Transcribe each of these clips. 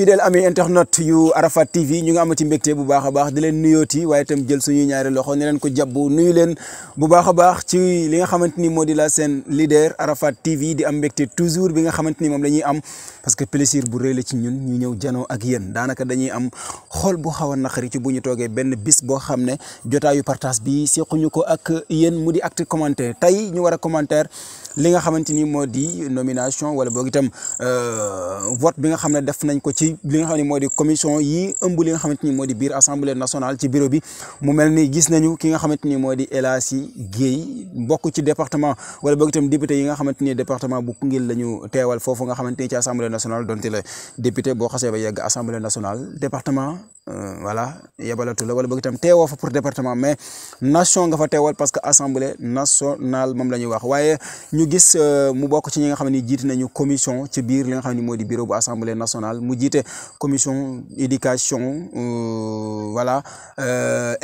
fidèle ami internet yu Arafat TV ñu ngi amati mbégte bu baax a baax di leen nuyooti waaye tam jël suñuy ñaari loxo ne leen ko jàpp nuyu leen bu baax a baax ci li nga xamante ni moo di la seen leader Arafat TV di am mbégte toujours bi nga xamante ni moom la ñuy am parce que plaisir bu rëy la ci ñun ñu ñëw janoo ak yen daanaka dañuy am xool bu xaw a naqari ci bu ñu toogee benn bis boo xam ne jotaayu partage bi sequñu ko ak yéen mu di acte commentaire tey ñu war a li nga xamante ni moo di nomination wala boog itam euh, vote bi nga xam ne def nañ ko ci li nga xam ne moo di commission yi ëmb li nga xamante ni moo di biir assemblée national ci bureau bi mu mel ni gis nañu ki nga xamante ni moo di El Hadji Guèye bokk ci département wala boog itam député yi nga xamante ni département bu Koungheul la ñu teewal foofu nga xamante ni ci assemblée national donte la député boo xasee ba yegg assemblée nationale département Euh, voilà yebalatu la wala bëgg itam teewoo fa pour département mais nation nga fa teewal parce que assemblée nationale moom la ñuy wax waaye ñu gis euh, mu bokk ci ñi nga xam ne jiite nañu commission ci biir li nga xam ni moo di bureau bu assemblée nationale mu jiite commission éducation euh, voilà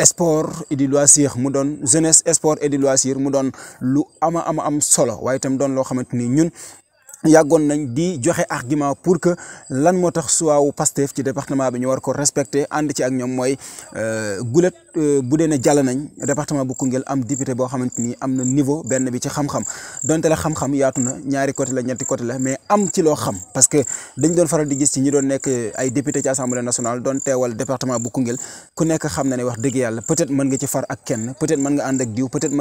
sport et du loisir mu doon jeunesse sport et du loisir mu doon lu ama ama am solo waaye itam doon loo xamante ñun yàggoon nañ di joxe argument pour que lan moo tax suwaawu Pastef ci département bi ñu war ko respecté ànd ci ak ñoom mooy euh, gulet euh, bu dee jàll nañ département bu Koungheul am député boo xamante ni am na niveau benn bi ci xam-xam donte la xam-xam yaatu na ñaari côté la ñetti côté la mais am ci loo xam parce que dañ doon faral di gis ci ñi doon nekk ay député ci assemblée nationale doon teewal département bu Koungheul ku nekk xam na ne wax dëgg yàlla peut-être mën nga far ak kenn peut-être mën nga ànd ak diw peut-être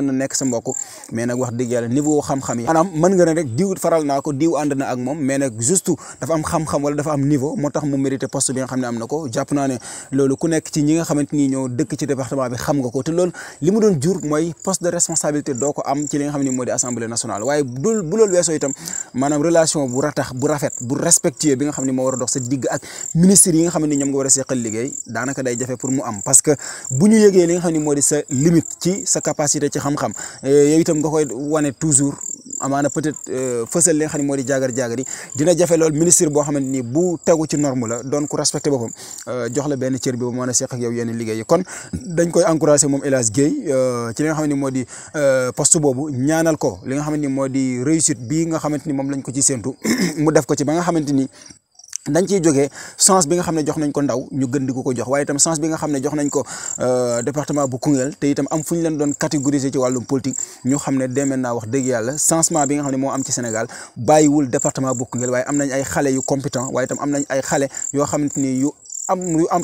diw na ak moom mais nag juste dafa am xam-xam wala dafa am niveau moo tax mu mérité poste bi nga xam ne am na ko jàpp loolu ku nekk ci ñi nga xamante ni ñoom nga war a seqal daanaka day jafe pour mu am parce que bu ñu yëgee li nga xam ne moo di sa limite ci sa capacité ci xam-xam eh, yow itam nga koy wane amaana peut-être euh, fësal li nga xam ne moo di jaagar jaagar yi dina jafe lool ministre boo xamante ni bu tegu ci norme la doon ku respecté boppam euh, jox la benn cër bi ba mën a seq ak yow yenn liggéey kon dañ koy encouragé moom El Hadj euh, ci li nga xam ne moo di poste boobu ñaanal ko li nga xamante ni moo di réussite bii nga xamante ni moom lañ ko ci séntu mu def ko ci ba nga xamante ni dañ ciy jógee sens bi nga xam ne jox nañ ko ndaw ñu gën ko ko jox waaye itam sens bi nga xam ne jox nañ ko euh, département bu Koungheul te itam am fu ñu leen doon catégoriser ci wàllum politique ñu xam ne demee naa wax dëgg yàlla changement bi nga xam ne moo am ci Sénégal bàyyiwul département bu Koungheul waaye am nañ ay xale yu compétent am nañ ay xale yoo ni yu am yu am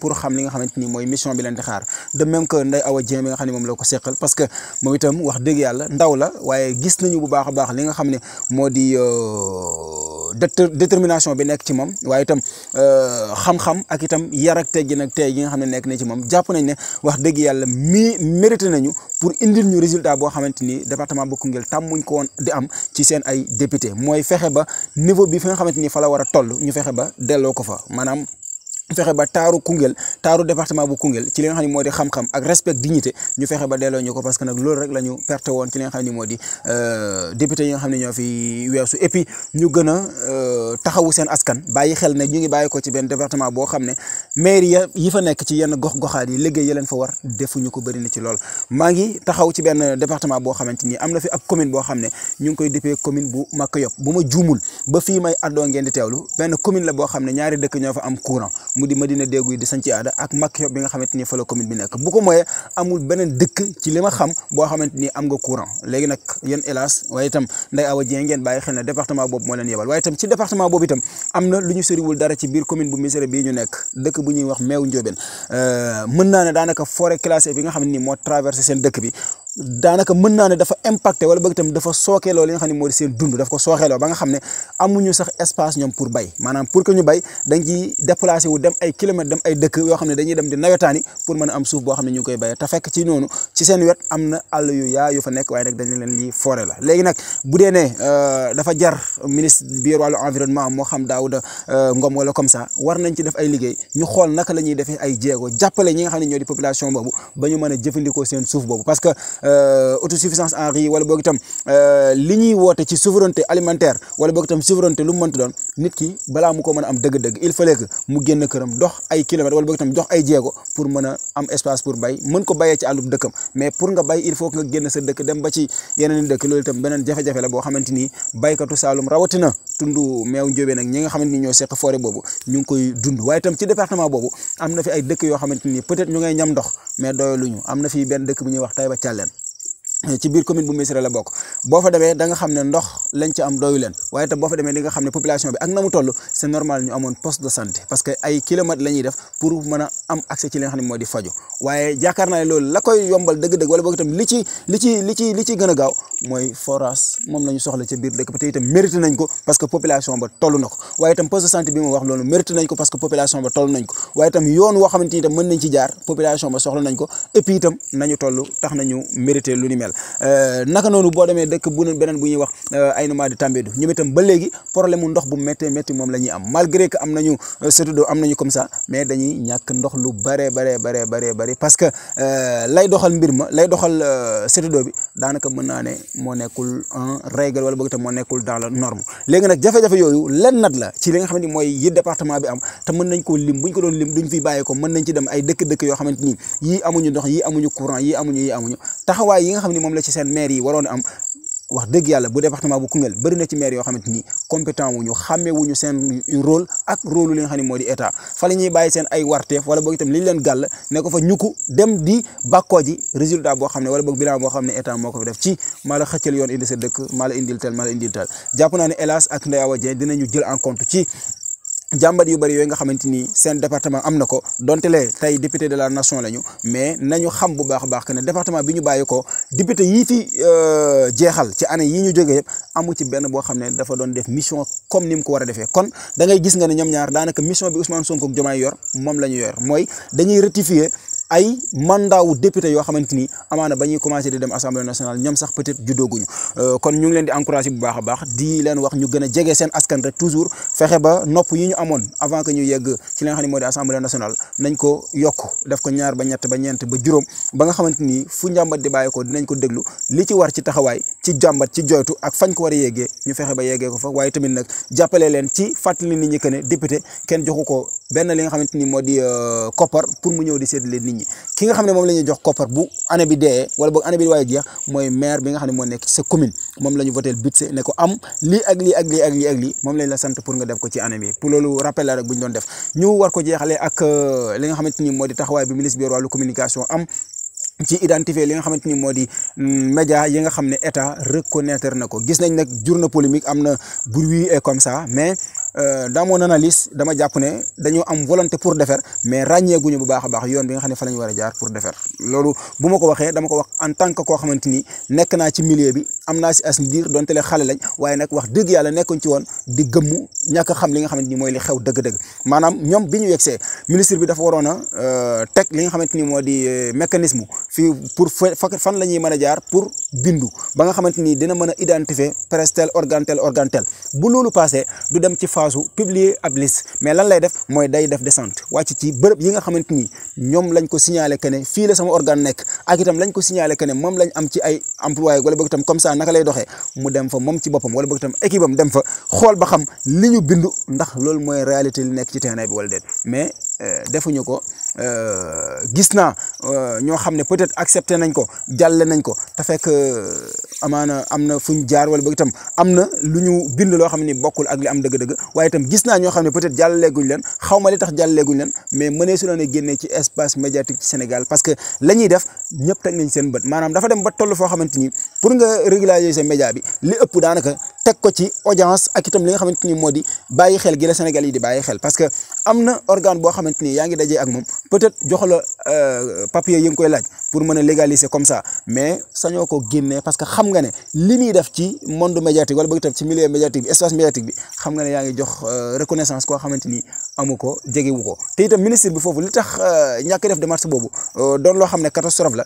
pour xam li nga xamante ni mooy mission bi leen di xaar de même que Awa Dieng nga xam ne moom la ko seqal parce que moom itam wax dëgg yàlla ndaw la waaye gis nañu bu baax baax li nga xam ne moo di euh, détermination bi nekk ci moom waaye tam euh, xam-xam ak itam yarak ak ji ak tey gi nga xam ne nekk na ci moom jàpp nañ ne wax dëgg yàlla mi mérité nañu pour indil ñu résultat boo xamante ni département bu Koungheul tàmmuñ ko woon di am ci seen ay député mooy fexe ba niveau bi fi nga xamante ni fa la war a toll ñu fexe ba delloo ko fa maanaam fexe ba taaru Koungheul taaru département bu Koungheul ci li nga xam ne moo di xam-xam ak respect dignité ñu fexe loolu euh, xam ne ñoo fi weesu et puis ñu gën a euh, taxawu seen askan bàyyi xel ne ñu ngi bàyyi ci benn département boo xam ne maire ya yi nekk ci yenn gox-goxaat yi liggéey leen fa war defuñu ko bëri ci lool maa ngi taxaw ci benn département boo xamante ni am na fi ak commune boo xam ne ñu ngi koy dipee commune bu Maka Yop bu ma juumul ba fii may addoo di teewlu benn commune la boo xam ne ñaari dëkk ñoo fa am courant mu di Madina Dégguy di Santhie Ada ak Makka bi nga xamante ni fa commune bi nekk bu ko mooyee amul beneen dëkk ci li ma xam boo xamante ni am nga courant léegi nag yéen hélas waaye itam Ndeye Awa Dieng ngeen bàyyi xel na département boob moo leen yebal waaye itam ci département boobu itam am na lu ñu soriwul dara ci biir commune bu Missirah bii ñu nekk dëkk bu ñuy wax Meew Ndiobène euh, mën naa ne daanaka forêt classée bi nga xam ne ni moo traversé seen dëkk bi daanaka mën naa ne dafa impacté wala bëgg tamit dafa sookeeloo li nga xam ne moo di seen dund daf ko sookeeloo ba nga xam ne amuñu sax espace maanaam pour que ñu bay dañ ciy déplacé dem ay kilomètres dem ay dëkk yoo xam ne dañuy dem di nawetaani pour mën a am suuf boo xam ne ñu ngi koy seen wet am na àll yaa yu fa nekk waaye nag dañ leen lii foore la léegi nag bu dee ne euh, dafa jar ministre biir wàllu environnement moo xam Daouda euh, Ngom wala comme ça war nañ ci def ay liggéey ñu xool naka la ñuy defee ay jéego jàppale ñi nga xam ne ñoo di population boobu ba ñu mën a jëfandikoo seen suuf boobu parce que Euh, autosuffisance en riz wala boog tam euh, li ñuy woote ci souveraineté alimentaire wala boog itam souveraineté lu mu mënti doon nit ki balaa mu ko mën a am dëgg-dëgg il fallait que mu génn këram dox ay kilomètres wala boog tam dox ay jéego pour mën a am espace pour bay mën ko bayee ci àllub dëkkam mais pour nga bay il faut que nga génn sa dëkk dem ba ci yeneen dëkk loolu tam beneen jafe-jafe la boo xamante ni baykatu Saalum rawatina tund meew njóobeen ak ñi nga xamante ni ñoo seq forêt boobu ñu ngi koy dund waaye itam ci département boobu am na fi yoo xamante ni peut-être ñu ngay ñam ndox mais doyaluñu na fi benn dëkk bu ñuy wax Taïba Thialène ci biir commune bu Missirah la bokk boo fa demee da xam ne ndox lañ ci am doyu waaye te boo fa demee di xam ne population a am a bi te itam mérité nañ ko parce que population ba toll na ko waaye itam nañ ko waaye itam yoon woo xamante ni itam mën nañ ci jaar population ba soxla nañ ko et puis itam nañu toll tax nañu mérité lu ni mel mel euh, naka noonu boo demee dëkk bu beneen bu ñuy wax euh, Aïnoumady Tambédou ñoom itam ba léegi problème mu ndox bu méttee métti moom la ñuy am malgré que am nañu euh, surtout do am nañu comme ça mais dañuy ñàkk ndox lu bare bare bare bare bare parce que lay doxal mbir ma lay doxal surtout do bi daanaka mën naa ne moo nekkul en règle wala boog itam moo dans la norme léegi nag jafe-jafe yooyu lenn nat la ci li nga xamante ni mooy yi département bi am te mën nañ koo lim bu ñu ko doon lim duñ fi bàyyi ko mën nañ ci dem ay dëkk-dëkk yoo xamante ni yii amuñu ndox yii amuñu courant yii amuñu yii taxawaay yi nga xam ne moom la ci seen maire waroon am wax dëgg yàlla bu département bu Koungheul bëri na ci maire yoo ni compétent wuñu xàmme wuñu seen rôle ak rôle li moo di état fa la ñuy bàyyi seen ay warteef wala boog itam li ñu leen wala boog xam ne état moo ko fi ci maa la yoon indi dëkk maa la indil tel jàpp naa ne ak Ndeye Awa Dieng dinañu jël en compte ci jàmbat yu bëri yooyu nga xamante ni seen département am na ko donte lee tey député de la nation lañu mais nañu xam bu baax a baax que ne département bi ñu bàyyi ko député yii fi euh, jeexal ci année yii ñu jógee amu ci benn boo xam ne dafa doon def mission comme ni mu ko war a defee kon da ngay gis nga ne ñoom ñaar daanaka mission bi Ousmane Sonko ak Diomaye yor moom la ñu yor mooy dañuy rectifier ay mandat wu député yoo xamante ni amaana ba ñuy commencé di dem assemblée nationale ñoom sax peut être juddooguñu euh, kon ñu ngi leen di encouragé bu baax a di leen wax ñu gën a jege seen askan rek toujours fexe ba nopp yi ñu amoon avant que ñu yegg ci li nga xam ne moo di assemblée nañ ko yokk def ko ñaar ba ñett ba ñeent ba juróom ba nga xamante ni fu njàmbat di bàyyi ko dinañ ko déglu li ci war ci taxawaay ci jàmbat ci joytu ak fañ ko war a yéegee ñu fexe ba yéegee ko fa waaye tamit nag jàppale leen ci fàttali ni ñi que ne député kenn joxu ko benn li nga xamante ni moo di euh, koppar pour mu ñëw di séddale nit ñi ki nga xam ne moom lañuy ñuy jox koppar bu année bi dee wala boog année waaye jeex mooy maire bi nga xam ne moo nekk ci sa commune moom lañu ñu voté budget ne am lii ak lii ak lii ak lii ak moom lañ la sant pour nga def ko ci année bi pour loolu rappel la rek doon def ñu war ko jeexalee ak euh, li nga xamante ni moo di taxawaay bi ministre bi wàllu communication am ci identifier li nga xamante ni moo di mm, média yi nga xam ne état reconnaître na ko gis nañ nag jur na polémique am na bruit et comme ça mais euh, dans mon analyse dama jàpp ne dañoo am volonté pour defar mais ràññeeguñu bu baax a baax yoon bi nga xam ne fa la ñu war a jaar pour defar loolu bu ma ko waxee dama ko wax en tant que koo xamante ni nekk naa ci milieu bi am naa si as ndiir donte le xale lañ waaye nag wax dëgg yàlla nekkuñ ci woon di gëmmu ñàkk xam li nga xamante mooy li xew dëgg-dëgg maanaam ñoom bi ñu yegsee ministre bi dafa waroon a euh, teg li nga xamante ni di euh, mécanisme fii pour fan la a ba nga xamante ni dina a identifier presse bu loolu passé du dem ci phase publier ab liste mais lan lay def mooy day def descente wàcc ci bërëb yi nga xamante ñoom lañ ko signalé que fii la sama organe nekk ak itam lañ ko signalé que ne moom lañ am ci ay employé wala boog itam naka lay doxee mu dem fa moom ci boppam wala boog itam équipe am dem fa xool ba xam li ñu bindu ndax loolu mooy réalité li nekk ci terrain bi wala déet mais euh, defuñu ko euh, gis naa euh, ñoo xam ne peut-être accepté nañ ko jàlle nañ ko te fekk amaana am na fuñ jaar wala boog itam am na lu ñu bind loo xam ne bokkul ak li am dëgg-dëgg waaye tam gis naa ñoo xam ne peut-être jàllaleeguñ leen xaw ma li tax jàllaleeguñ leen mais mënee su leen a génnee ci espace médiatique ci Sénégal parce que la ñuy def ñëpp teg nañ seen bët maanaam dafa dem ba toll foo xamante ni pour nga régulariser média bi li ëpp daanaka teg ko ci audience ak itam li nga xamante ni moo di bàyyi xel gi la Sénégal yi di bàyyi xel parce que am na organe boo xamante ni yaa ngi dajee ak moom peut-être jox la euh, papier yi koy laaj pour mën a légaliser comme ça mais sañoo ko génnee parce que xam nga ne li muy def ci monde médiatique wala bëgg tam ci milieu médiatique bi espace médiatique bi xam nga ne yaa ngi jox euh, reconnaissance koo xamante ni amu ko jegewu ko te itam ministre bi foofu li tax euh, ñàkk def démarche boobu doon loo xam ne catastrophe la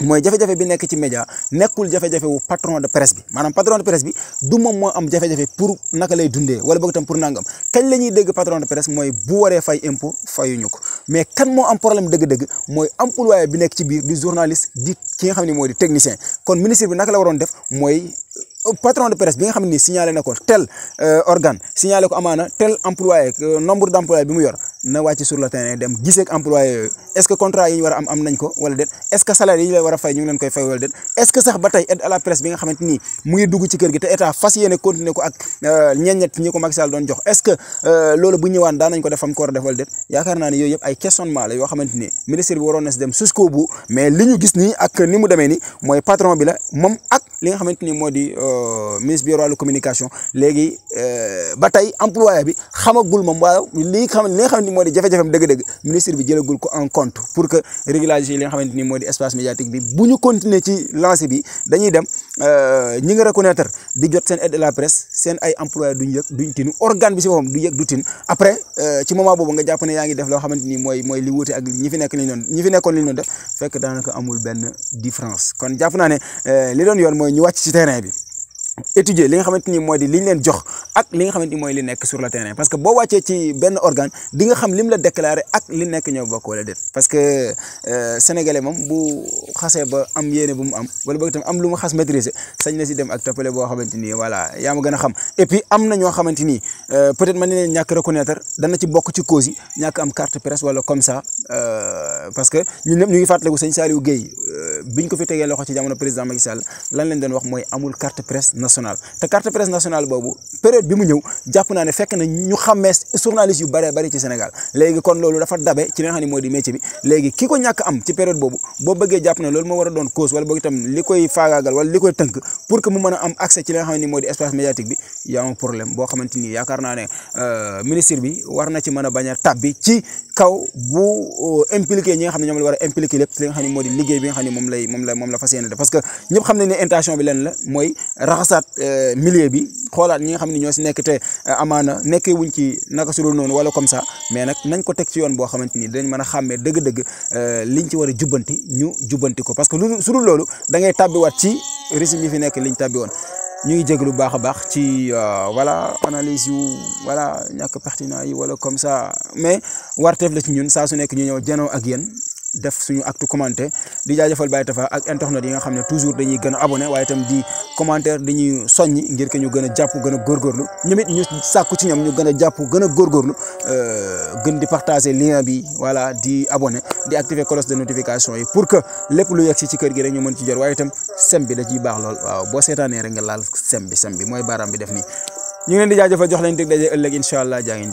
mooy jafe-jafe bi nekk ci média nekkul jafe-jafe wu patron de presse bi maanaam patron de presse bi du moom moo am jafe-jafe pour naka lay dundee wala boog tam pour nangam kañ la ñuy dégg patron de presse mooy bu waree fay impôt fayuñu ko mais kan moo am problème dëgg-dëgg mooy employé bi nekk ci biir di journaliste di ki nga xam ne mooy di technicien kon ministre bi naka la waroon def mooy. Euh, patron de presse bi nga xam ne signalé na ko tel euh, organe signalé ko amaana tel employé euh, nombre d' employé bi mu yor na wàcc sur le terrain dem gisee ak employé yooyu est ce que contrat yi ñu war a am am nañ ko wala déet est ce que salaire yi ñu lay war a fay ñu ngi leen koy fay wala déet est ce que sax ba tey aide à la presse bi nga xamante ni mu ngi dugg ci kër gi te état fas yéene continuer ko ak euh, ñeññet ñi ko Macky Sall doon jox est ce que euh, loolu bu ñëwaan daan nañ ko def fam ko war a def wala déet yaakaar naa ne yooyu yëpp ay questionnement la yoo xamante ni ministre bi waroon na si dem jusqu'au bout mais li ñu gis nii ak ni mu demee ni mooy patron bi la moom ak li nga xamante ni moo di euh, ministre bi yor wàllu communication léegi Euh, ba tey employé bi xamagul moom waaw li nga xam li nga xamante ni moo di jafe-jafem dëgg-dëgg ministre bi jëlagul ko en compte pour que régulation yi li nga xamante moo di espace médiatique bi bu ñu continuer ci lancé bi dañuy dem euh, ñi nga reconnaître di jot seen aide de la presse seen ay employé duñ yëg duñ tinu organe bi si boppam du yëg du tin après euh, ci moment boobu nga jàpp ne yaa ngi def loo xamante ni mooy mooy li wuute ak ñi fi nekk li ñu doon ñi fi nekkoon li ñu doon def fekk daanaka amul naa ne li doon yoon mooy ñu wàcc ci terrain bi étudier li nga xamante ni moo di li leen jox ak li nga xamante mooy li nekk sur le terrain parce que boo wàccee ci benn organe di nga xam lim la déclaré ak li nekk ñoo bokk wala def parce que euh, sénégalais moom bu xasee ba am yéene bu mu am wala boog itam am lu mu xas maîtriser sañ na si dem ak toppale boo xamante ni voilà yaa ma gën a xam et puis am na ñoo xamante ni euh, peut-être man ne ñàkk reconnaître dana ci bokk ci cause yi ñàkk am carte presse wala comme sa euh, parce que ñun ñëpp ñu ngi fàttaliku sëñ Saliou Guèye biñ ko fi tegee loxo ci jamono président Macky lan lañ doon wax mooy amul carte presse nationale te carte presse nationale boobu période bi mu ñëw jàpp naa fekk na ñu xàmmee journaliste yu bëree bëri ci Sénégal léegi kon loolu dafa dabe ci li nga xam di métier bi léegi ki ko am ci période boobu boo bëggee jàpp ne loolu moo war a doon cause wala boog itam li koy faagaagal wala li koy tënk pour que mu mën am accès ci li nga xam kaw bu euh, impliqué ñi nga xam ne ñoom la war a impliqué lépp li nga xam ne moo di liggéey bi nga xam ne moom lay moom la moom la intention bi lenn la mooy raxasaat euh, milieu bi xoolaat ñi nga xam ne ñoo si nekk te euh, amaana nekkee wuñ ci naka su dul noonu wala comme ça mais nag nañ ko teg si yoon boo xamante ni dañ mën a xàmmee dëgg-dëgg liñ ci war a jubbanti ñu jubbanti ko parce que lu su loolu da ngay tàbbiwaat ci régime yi fi nekk liñ tàbbi woon ñuy jéglu baax a baax ci wala euh, analyse yu wala ñàkk pertinent yi wala comme ça mais warteef la ci ñun saa su nekk ñu ñëw janoo ak yéen def suñu actu commenté di jaajëfal Baye Tafa ak internet yi nga xam ne toujours dañuy gën a abonné waaye itam di commentaire dañuy soññ ngir que ñu gën a jàpp gën a góorgóorlu ñoom it ñu sàkku ci ñoom ñu gën a jàpp gën a góorgóorlu euh, gën di partager lien bi voilà di abonné di activer cloche de notification yi pour que lépp lu yegg si ci kër gi rek ñu mën ci jot waaye itam sem bi da ciy baax lool waaw boo seetaanee rek nga laal sem bi sem bi mooy baaraam bi def nii ñu ngi leen di jaajëfal jox leen dig ëllëg incha allah jaa ngeen